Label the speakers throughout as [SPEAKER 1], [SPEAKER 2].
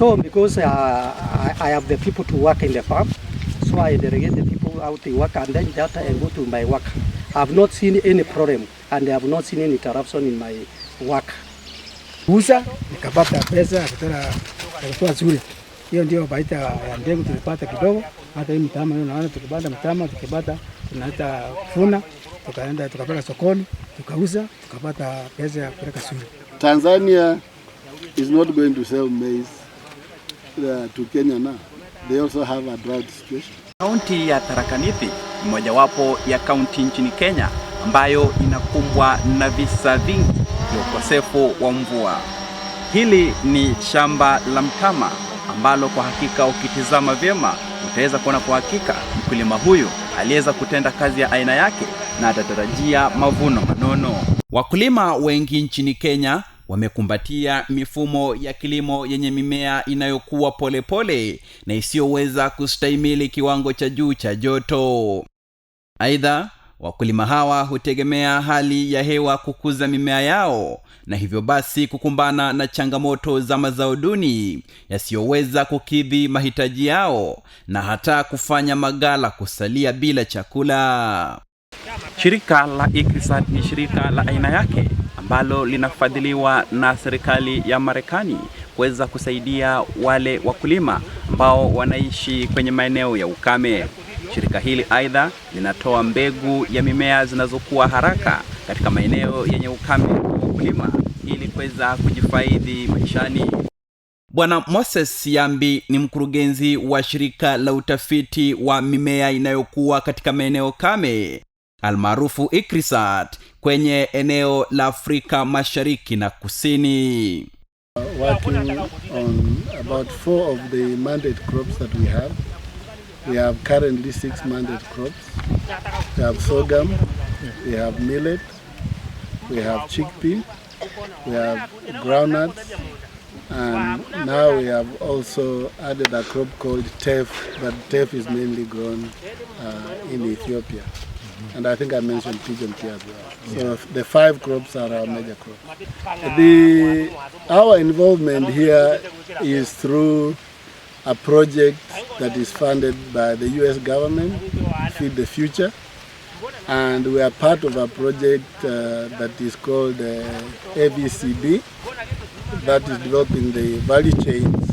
[SPEAKER 1] So because uh, I, I have the people to work in the farm, so I delegate the people out to work and then that I go to my work. I have not seen any problem and I have not seen any interruption in my work.
[SPEAKER 2] Uza, nikapata pesa, kwa zuri. Hiyo ndio baita ya ndegu tulipata kidogo, hata hii mtama hiyo naona tukipata mtama tukibata tunaita funa, tukaenda tukapeleka sokoni, tukauza, tukapata pesa ya kupeleka suri.
[SPEAKER 3] Tanzania is not going to sell maize uh, to Kenya now. They also have a drought situation.
[SPEAKER 4] Kaunti ya Tharaka Nithi ni mojawapo ya kaunti nchini Kenya ambayo inakumbwa na visa vingi vya ukosefu wa mvua. Hili ni shamba la mtama ambalo kwa hakika ukitizama vyema utaweza kuona kwa hakika mkulima huyu aliweza kutenda kazi ya aina yake na atatarajia mavuno manono. Wakulima wengi nchini Kenya wamekumbatia mifumo ya kilimo yenye mimea inayokuwa polepole na isiyoweza kustahimili kiwango cha juu cha joto aidha wakulima hawa hutegemea hali ya hewa kukuza mimea yao na hivyo basi kukumbana na changamoto za mazao duni yasiyoweza kukidhi mahitaji yao na hata kufanya magala kusalia bila chakula Shirika la Iksat ni shirika la aina yake ambalo linafadhiliwa na serikali ya Marekani kuweza kusaidia wale wakulima ambao wanaishi kwenye maeneo ya ukame. Shirika hili aidha linatoa mbegu ya mimea zinazokuwa haraka katika maeneo yenye ukame kwa wakulima ili kuweza kujifaidi maishani. Bwana Moses Siambi ni mkurugenzi wa shirika la utafiti wa mimea inayokuwa katika maeneo kame almaarufu ikrisat kwenye eneo la afrika mashariki na kusini
[SPEAKER 3] working on about four of the mandate crops that we have we have currently six mandate crops we have sogam we have millet we have chickpea we have groundnuts and now we have also added a crop called tef but tef is mainly grown uh, in ethiopia Mm. and I think I mentioned pigeon pea as well. So the five crops are our major crop The, our involvement here is through a project that is funded by the US government, Feed the Future, and we are part of a project uh, that is called uh, AVCB that is developing the value chains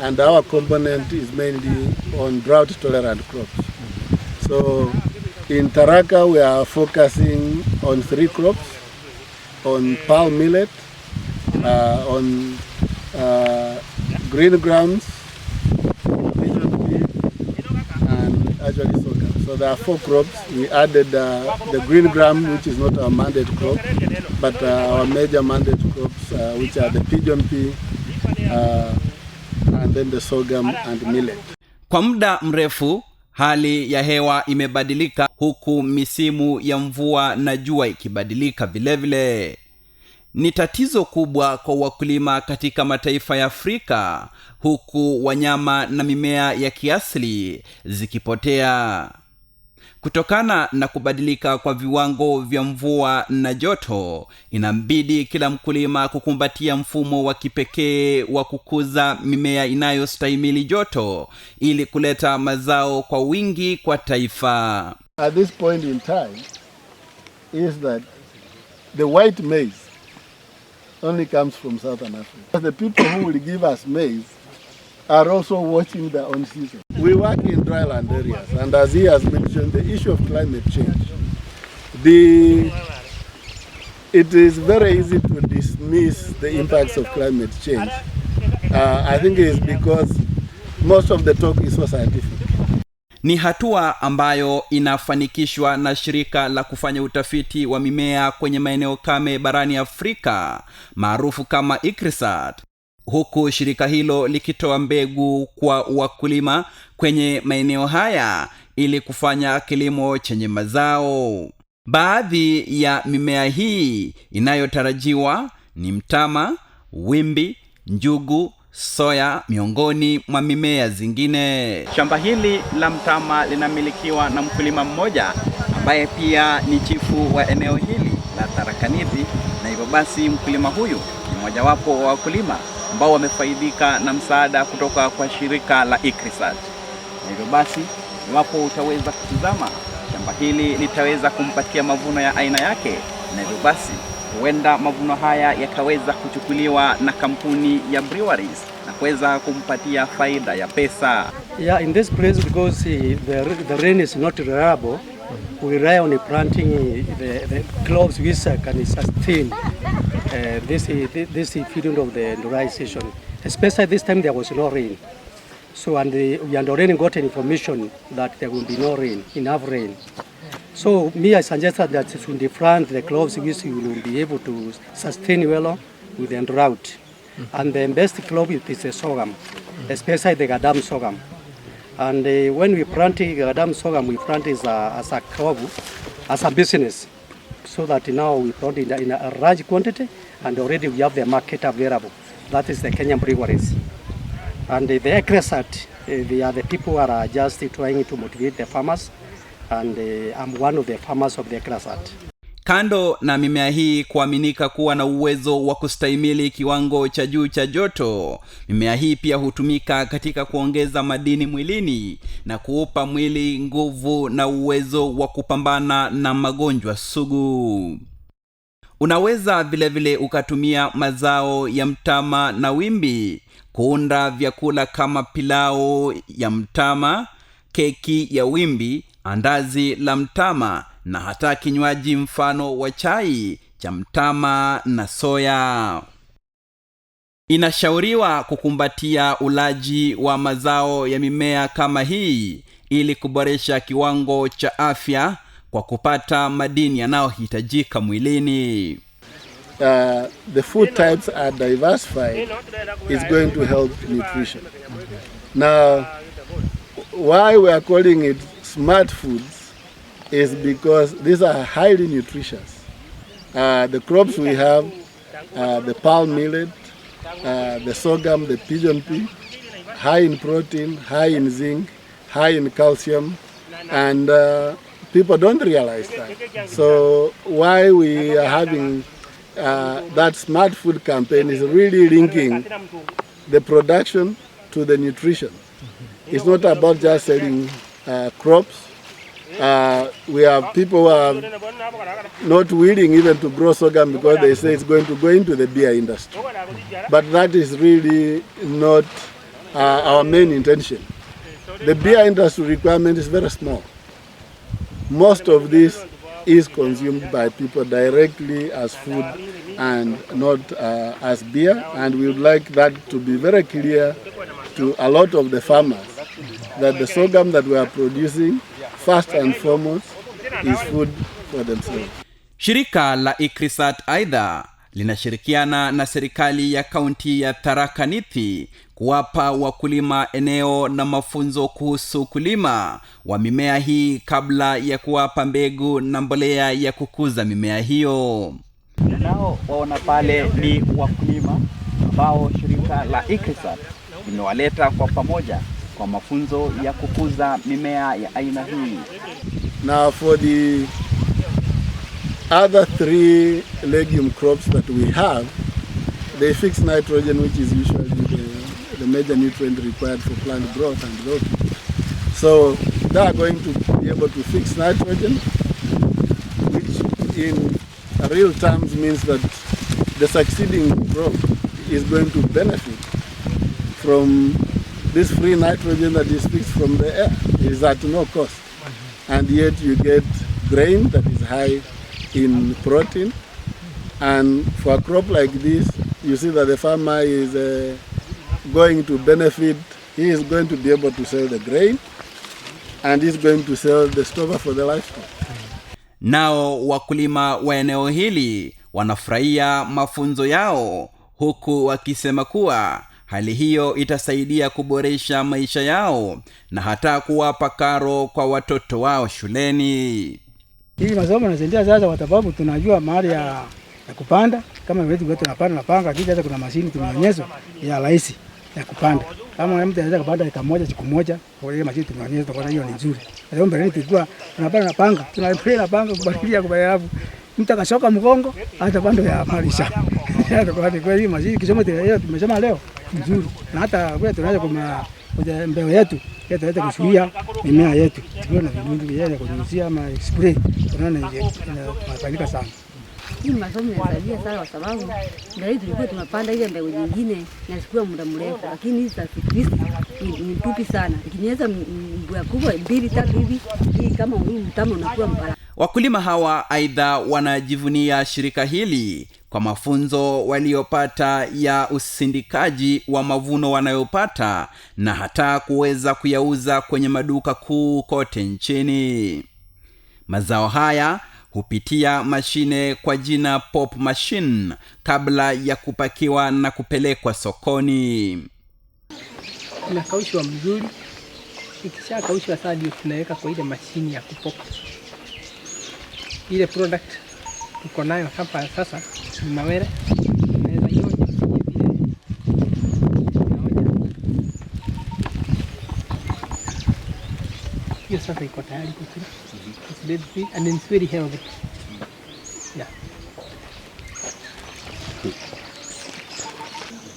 [SPEAKER 3] and our component is mainly on drought tolerant crops. So in Taraka we are focusing on three crops, on palm millet, uh, on uh, green grounds, and actually sorghum. So there are four crops. We added uh, the green gram, which is not our mandate crop, but uh, our major mandate crops, uh, which are the pigeon pea, uh, and then the sorghum and millet.
[SPEAKER 4] Kwa muda mrefu hali ya hewa imebadilika huku misimu ya mvua na jua ikibadilika vilevile vile ni tatizo kubwa kwa wakulima katika mataifa ya afrika huku wanyama na mimea ya kiasili zikipotea kutokana na kubadilika kwa viwango vya mvua na joto inambidi kila mkulima kukumbatia mfumo wa kipekee wa kukuza mimea inayostahimili joto ili kuleta mazao kwa wingi kwa taifa
[SPEAKER 3] at this point in time is that the white maize only comes from southern africa the people who will give us maize are also watching their own season. We work in dryland areas, and as he has mentioned, the issue of climate change, the, it is very easy to dismiss the impacts of climate change. Uh, I think it is because most of the talk is so scientific.
[SPEAKER 4] Ni hatua ambayo inafanikishwa na shirika la kufanya utafiti wa mimea kwenye maeneo kame barani Afrika maarufu kama ICRISAT huku shirika hilo likitoa mbegu kwa wakulima kwenye maeneo haya ili kufanya kilimo chenye mazao baadhi ya mimea hii inayotarajiwa ni mtama wimbi njugu soya miongoni mwa mimea zingine shamba hili la mtama linamilikiwa na mkulima mmoja ambaye pia ni chifu wa eneo hili la tarakanizi na hivyo basi mkulima huyu ni mojawapo wa wakulima ambao wamefaidika na msaada kutoka kwa shirika la Ikrisat. Hivyo basi, iwapo utaweza kutizama shamba hili litaweza kumpatia mavuno ya aina yake, na hivyo basi huenda mavuno haya yakaweza kuchukuliwa na kampuni ya Breweries na kuweza kumpatia faida ya pesa.
[SPEAKER 1] Yeah, in this place because eh, the, the rain is not reliable, we rely on planting eh, the, the crops which can sustain uh, this, this feeling of the dry season, especially this time there was no rain. So and the, we had already got information that there will be no rain, enough rain. So me, I suggested that in the front, the clothes which you will be able to sustain well with the drought. And the best cloth is the sorghum, especially the gadam sorghum. And uh, when we plant gadam sorghum, we plant it as a, as a crop, as a business so that now we brought in, in a large quantity and already we have the market available. That is the Kenyan breweries. And the Ecresat, eh, they are the people who are just trying to motivate the farmers and eh, I'm one of the farmers of the Ecresat
[SPEAKER 4] kando na mimea hii kuaminika kuwa na uwezo wa kustahimili kiwango cha juu cha joto mimea hii pia hutumika katika kuongeza madini mwilini na kuupa mwili nguvu na uwezo wa kupambana na magonjwa sugu unaweza vilevile vile ukatumia mazao ya mtama na wimbi kuunda vyakula kama pilao ya mtama keki ya wimbi andazi la mtama na hata kinywaji mfano wa chai cha mtama na soya inashauriwa kukumbatia ulaji wa mazao ya mimea kama hii ili kuboresha kiwango cha afya kwa kupata madini yanayohitajika mwilini
[SPEAKER 3] Uh, the food types are diversified is going to help nutrition. Now, why we are calling it smart foods is because these are highly nutritious. Uh, the crops we have, uh, the palm millet, uh, the sorghum, the pigeon pea, high in protein, high in zinc, high in calcium, and uh, people don't realize that. So why we are having uh, that smart food campaign is really linking the production to the nutrition. It's not about just selling uh, crops, uh, we have people who are not willing even to grow sorghum because they say it's going to go into the beer industry. But that is really not uh, our main intention. The beer industry requirement is very small. Most of this is consumed by people directly as food and not uh, as beer. And we would like that to be very clear to a lot of the farmers that the sorghum that we are producing first and foremost is food for themselves.
[SPEAKER 4] Shirika la Ikrisat aidha linashirikiana na serikali ya kaunti ya Tharaka Nithi kuwapa wakulima eneo na mafunzo kuhusu kulima wa mimea hii kabla ya kuwapa mbegu na mbolea ya kukuza mimea hiyo. Nao waona pale ni wakulima ambao shirika la Ikrisat limewaleta kwa pamoja kwa mafunzo ya kukuza mimea ya aina hii.
[SPEAKER 3] Now for the other three legume crops that we have, they fix nitrogen which is usually the, the major nutrient required for plant growth and growth. So they are going to be able to fix nitrogen which in real terms means that the succeeding crop is going to benefit from this free nitrogen that is picked from the air is at no cost and yet you get grain that is high in protein and for a crop like this you see that the farmer is uh, going to benefit he is going to be able to sell the grain and he's going to sell the stover for the livestock
[SPEAKER 4] nao wakulima wa eneo hili wanafurahia mafunzo yao huku wakisema kuwa hali hiyo itasaidia kuboresha maisha yao na hata kuwapa karo kwa watoto wao shuleni
[SPEAKER 2] hivi masomo nasaidia sasa kwa sababu tunajua mahali ya, ya kupanda kama wetu wetu tunapanda napanga kisha hata kuna mashini tumeonyeshwa ya rahisi ya kupanda kama mtu anaweza kupanda eka moja siku moja kwa ile mashini tumeonyeshwa kwa hiyo ni nzuri leo mbele tulikuwa tunapanda na panga tunapanda na panga kubadilia kubadilia hapo mtu akashoka mgongo hata atapanda ya mali shamba kwa hiyo mashini kisoma tumesema leo mzuri, na hata kule tunaweza kwa mbeo yetu tunaweza kusuia mimea yetu tulio na vidudu vya kunyunyizia ama spray, tunaona inafanyika sana.
[SPEAKER 5] Hii masomo yanasaidia sana, kwa sababu ndio hii tulikuwa tunapanda ile mbegu nyingine na sikuwa muda mrefu, lakini hizi za hizi ni mfupi sana, ikinyeza mbua kubwa mbili tatu hivi, hii kama huyu mtama unakuwa mbaya
[SPEAKER 4] wakulima hawa aidha wanajivunia shirika hili kwa mafunzo waliyopata ya usindikaji wa mavuno wanayopata na hata kuweza kuyauza kwenye maduka kuu kote nchini mazao haya hupitia mashine kwa jina pop machine kabla ya kupakiwa na kupelekwa sokoni
[SPEAKER 2] inakaushwa mzuri ikishakaushwa sadi tunaweka kwa ile mashine ya kupoka ile product tuko nayo hapa sasa ni mawere hiyo sasa iko tayari kukula. It's baby feed and it's very healthy. Yeah.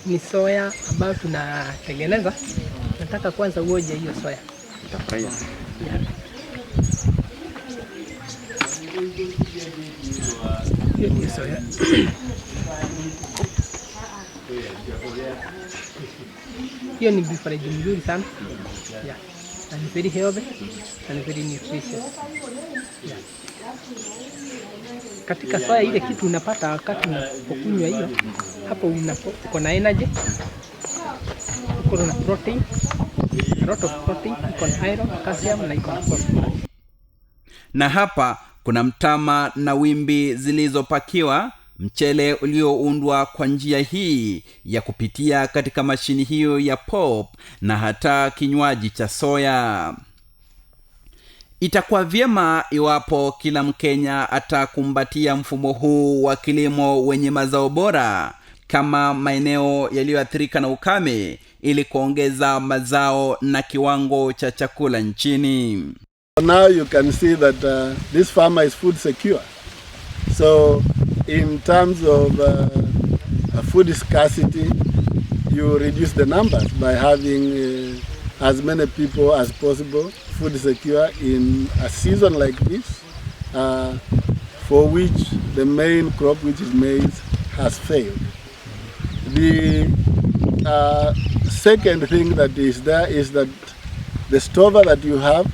[SPEAKER 2] Ni soya ambayo tunatengeneza. Nataka kwanza uoje hiyo soya.
[SPEAKER 6] Utafurahia. Yeah.
[SPEAKER 2] Hiyo ni bifaraji mzuri sana yeah. Na ni very healthy na ni very nutritious yeah. Katika soya ile kitu unapata wakati unapokunywa hiyo, hapo uko na energy, uko na protein, a lot of protein, iko na iron, calcium na iko na phosphorus.
[SPEAKER 4] Na hapa kuna mtama na wimbi zilizopakiwa mchele ulioundwa kwa njia hii ya kupitia katika mashini hiyo ya pop na hata kinywaji cha soya itakuwa vyema iwapo kila mkenya atakumbatia mfumo huu wa kilimo wenye mazao bora kama maeneo yaliyoathirika na ukame ili kuongeza mazao na kiwango cha chakula nchini
[SPEAKER 3] Now you can see that uh, this farmer is food secure. So in terms of uh, food scarcity, you reduce the numbers by having uh, as many people as possible food secure in a season like this, uh, for which the main crop, which is maize, has failed. The uh, second thing that is there is that the stover that you have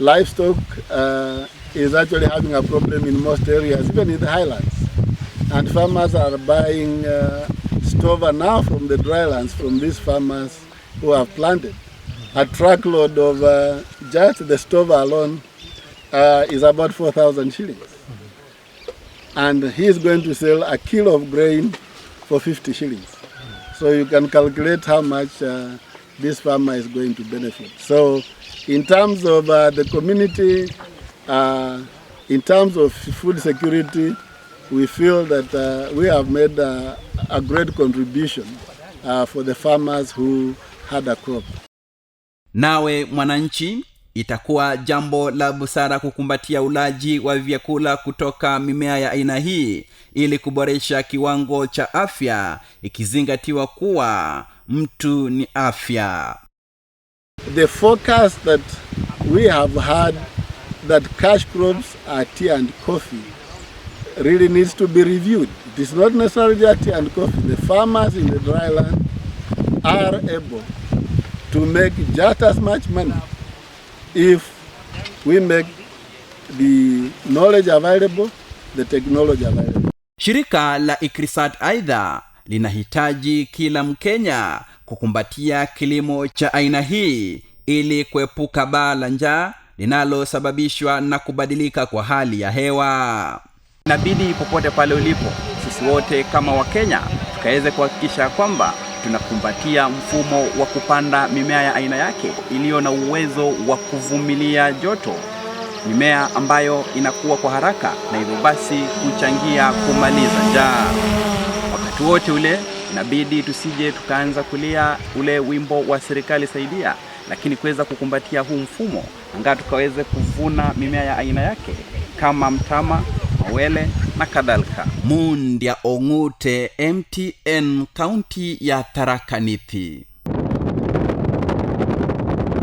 [SPEAKER 3] livestock uh, is actually having a problem in most areas, even in the highlands. And farmers are buying uh, stover now from the drylands, from these farmers who have planted. A truckload of uh, just the stover alone uh, is about 4,000 shillings. And he is going to sell a kilo of grain for 50 shillings. So you can calculate how much uh, this farmer is going to benefit. So in terms of uh, the community uh, in terms of food security we feel that uh, we have made uh, a great contribution uh, for the farmers who had a crop.
[SPEAKER 4] Nawe mwananchi, itakuwa jambo la busara kukumbatia ulaji wa vyakula kutoka mimea ya aina hii ili kuboresha kiwango cha afya ikizingatiwa kuwa mtu ni afya
[SPEAKER 3] The focus that we have had that cash crops are tea and coffee really needs to be reviewed. It is not necessarily tea and coffee. The farmers in the dry land are able to make just as much money if we make the knowledge available, the technology available.
[SPEAKER 4] Shirika la Ikrisat aidha linahitaji kila Mkenya kukumbatia kilimo cha aina hii ili kuepuka baa la njaa linalosababishwa na kubadilika kwa hali ya hewa inabidi popote pale ulipo sisi wote kama wakenya tukaweze kuhakikisha kwamba tunakumbatia mfumo wa kupanda mimea ya aina yake iliyo na uwezo wa kuvumilia joto mimea ambayo inakuwa kwa haraka na hivyo basi kuchangia kumaliza njaa wakati wote ule inabidi tusije tukaanza kulia ule wimbo wa serikali saidia, lakini kuweza kukumbatia huu mfumo angaa tukaweze kuvuna mimea ya aina yake kama mtama, mawele na kadhalika. Mundya ong'ute MTN kaunti ya Tharaka Nithi.